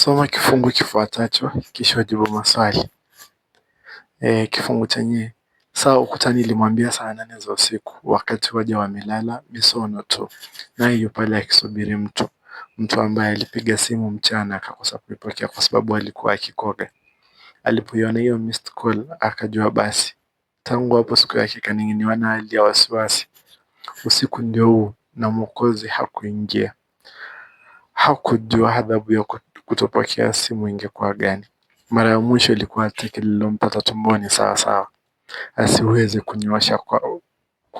Soma kifungu kifuatacho kisha wajibu maswali. E, kifungu chenye saa ukutani ilimwambia saa nane za usiku, wakati waja wamelala misono tu, naye yu pale akisubiri mtu, mtu ambaye alipiga simu mchana akakosa kuipokea kwa sababu alikuwa akikoga. Alipoiona hiyo missed call akajua basi. Tangu hapo siku yake ikaning'iniwa na hali ya wasiwasi. Usiku ndio huu na Mwokozi hakuingia. Hakujua adhabu ya kutopokea simu ingekuwa gani? Mara ya mwisho ilikuwa teke lililompata tumboni sawasawa. Asiweze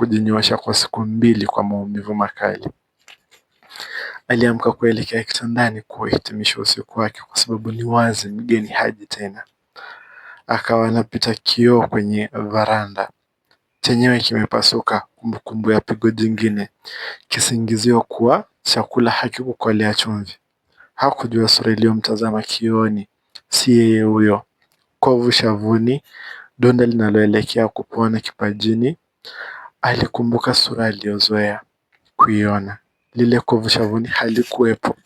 kujinyoosha kwa siku mbili kwa maumivu makali. Aliamka kuelekea kitandani kuhitimisha usiku wake kwa sababu ni wazi mgeni haji tena. Akawa anapita kioo kwenye varanda. Chenyewe kimepasuka kumbukumbu ya pigo jingine. Kisingizio kuwa chakula hakikukolea chumvi hakujua sura iliyomtazama kioni. Si yeye huyo. Kovu shavuni, donda linaloelekea kupona kipajini. Alikumbuka sura aliyozoea kuiona. Lile kovu shavuni halikuwepo.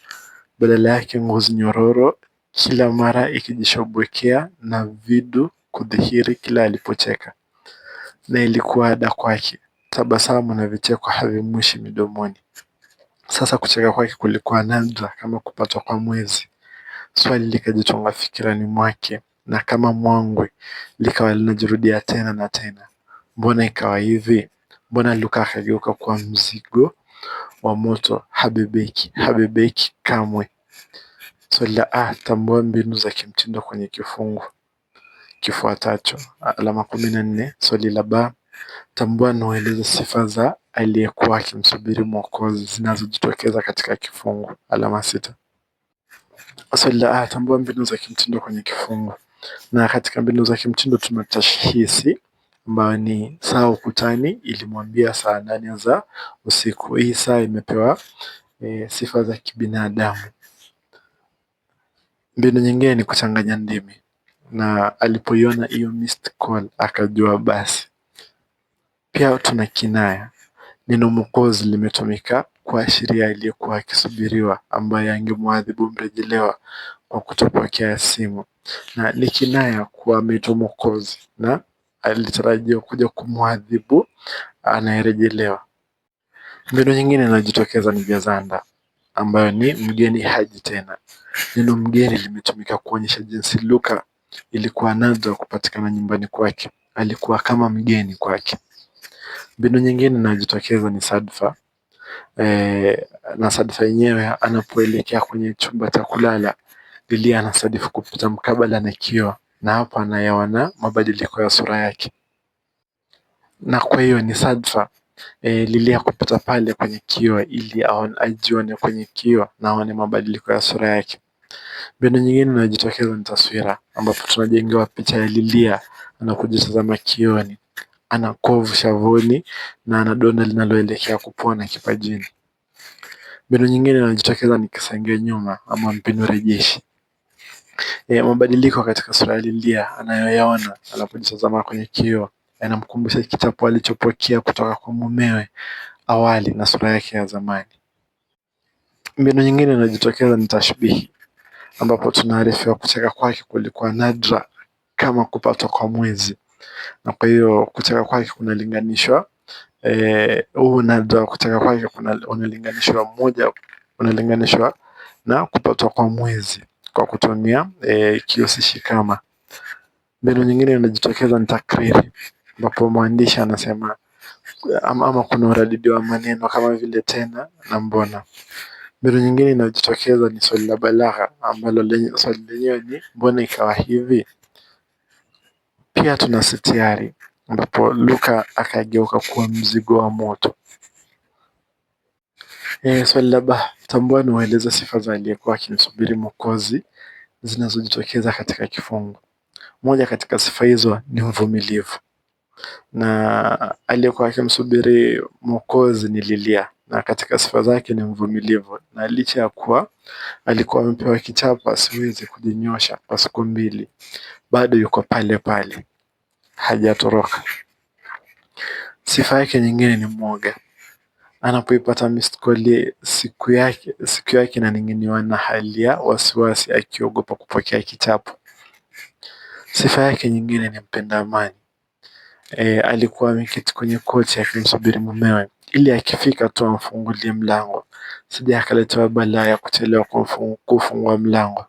Badala yake ngozi nyororo kila mara ikijishobokea na vidu kudhihiri kila alipocheka. Na ilikuwa ada kwake, tabasamu na vicheko havimwishi midomoni. Sasa kucheka kwake kulikuwa nadra kama kupatwa kwa mwezi Swali likajitonga fikirani mwake na kama mwangwe likawa linajirudia tena na tena Mbona ikawa hivi? Mbona Luka akageuka kwa mzigo wa moto habebeki, habebeki kamwe Swali la ah tambua mbinu za kimtindo kwenye kifungu Kifuatacho alama kumi na nne Swali la ba tambua na ueleze sifa za aliyekuwa akimsubiri mwokozi zinazojitokeza katika kifungu alama sita. Swali la A, tambua mbinu za kimtindo kwenye kifungu. Na katika mbinu za kimtindo tuna tashhisi ambayo ni saa ukutani ilimwambia saa nane za usiku. Hii saa imepewa e, sifa za kibinadamu. Mbinu nyingine ni kuchanganya ndimi, na alipoiona hiyo missed call akajua basi. Pia tuna kinaya Neno Mwokozi limetumika kuashiria aliyekuwa akisubiriwa ambaye angemwadhibu mrejelewa kwa kutopokea simu na ni kinaya kuwa ameitwa Mwokozi na alitarajiwa kuja kumwadhibu anayerejelewa. Mbinu nyingine inayojitokeza ni jazanda ambayo ni mgeni haji tena. Neno mgeni limetumika kuonyesha jinsi Luka ilikuwa nadra kupatikana nyumbani kwake. Alikuwa kama mgeni kwake. Mbinu nyingine inajitokeza ni sadfa e, na sadfa yenyewe anapoelekea kwenye chumba cha kulala, Bilia anasadifu kupita mkabala na kioo, na hapo anayaona mabadiliko ya sura yake, na kwa hiyo ni sadfa e, eh, Lilia kupita pale kwenye kioo ili ajione kwenye kioo na aone mabadiliko ya sura yake. Mbinu nyingine inayojitokeza ni taswira, ambapo tunajengewa picha ya Lilia anapojitazama kioni ana kovu shavuni na ana donda linaloelekea kupona kipajini. Mbinu nyingine inayojitokeza ni kisengee nyuma ama mbinu rejeshi. Eh, mabadiliko katika sura ya Lilia anayoyaona anapojitazama kwenye kioo yanamkumbusha kichapo alichopokea kutoka kwa mumewe awali na sura yake ya zamani. Mbinu nyingine inayojitokeza ni tashbihi, ambapo tunaarifiwa kucheka kwake kulikuwa nadra kama kupatwa kwa mwezi na kwa hiyo kutaka kwake kunalinganishwa eh, huu e, nadra kutaka kwake unalinganishwa moja unalinganishwa na kupatwa kwa mwezi kwa kutumia e, eh, kihusishi kama. Mbinu nyingine inajitokeza ni takriri, ambapo mwandishi anasema ama, ama kuna uradidi wa maneno kama vile tena na mbona. Mbinu nyingine inajitokeza ni swali la balagha ambalo swali lenyewe ni mbona ikawa hivi. Pia tuna sitiari ambapo Luka akageuka kuwa mzigo wa moto. E, swali la ba tambua na sifa za aliyekuwa akimsubiri Mwokozi zinazojitokeza katika kifungu. Moja katika sifa hizo ni uvumilivu, na aliyekuwa akimsubiri Mwokozi ni Lilia, na katika sifa zake ni mvumilivu, na licha ya kuwa alikuwa amepewa kichapo asiwezi kujinyosha kwa siku mbili, bado yuko pale pale hajatoroka. Sifa yake nyingine ni mwoga. Anapoipata missed call siku yake siku yake inaning'iniwa na hali ya wasiwasi, akiogopa kupokea kichapo. Sifa yake nyingine ni mpenda amani. E, alikuwa ameketi kwenye kochi akimsubiri mumewe ili akifika tu amfungulie mlango, sija akaletewa balaa ya kuchelewa kufungua mlango.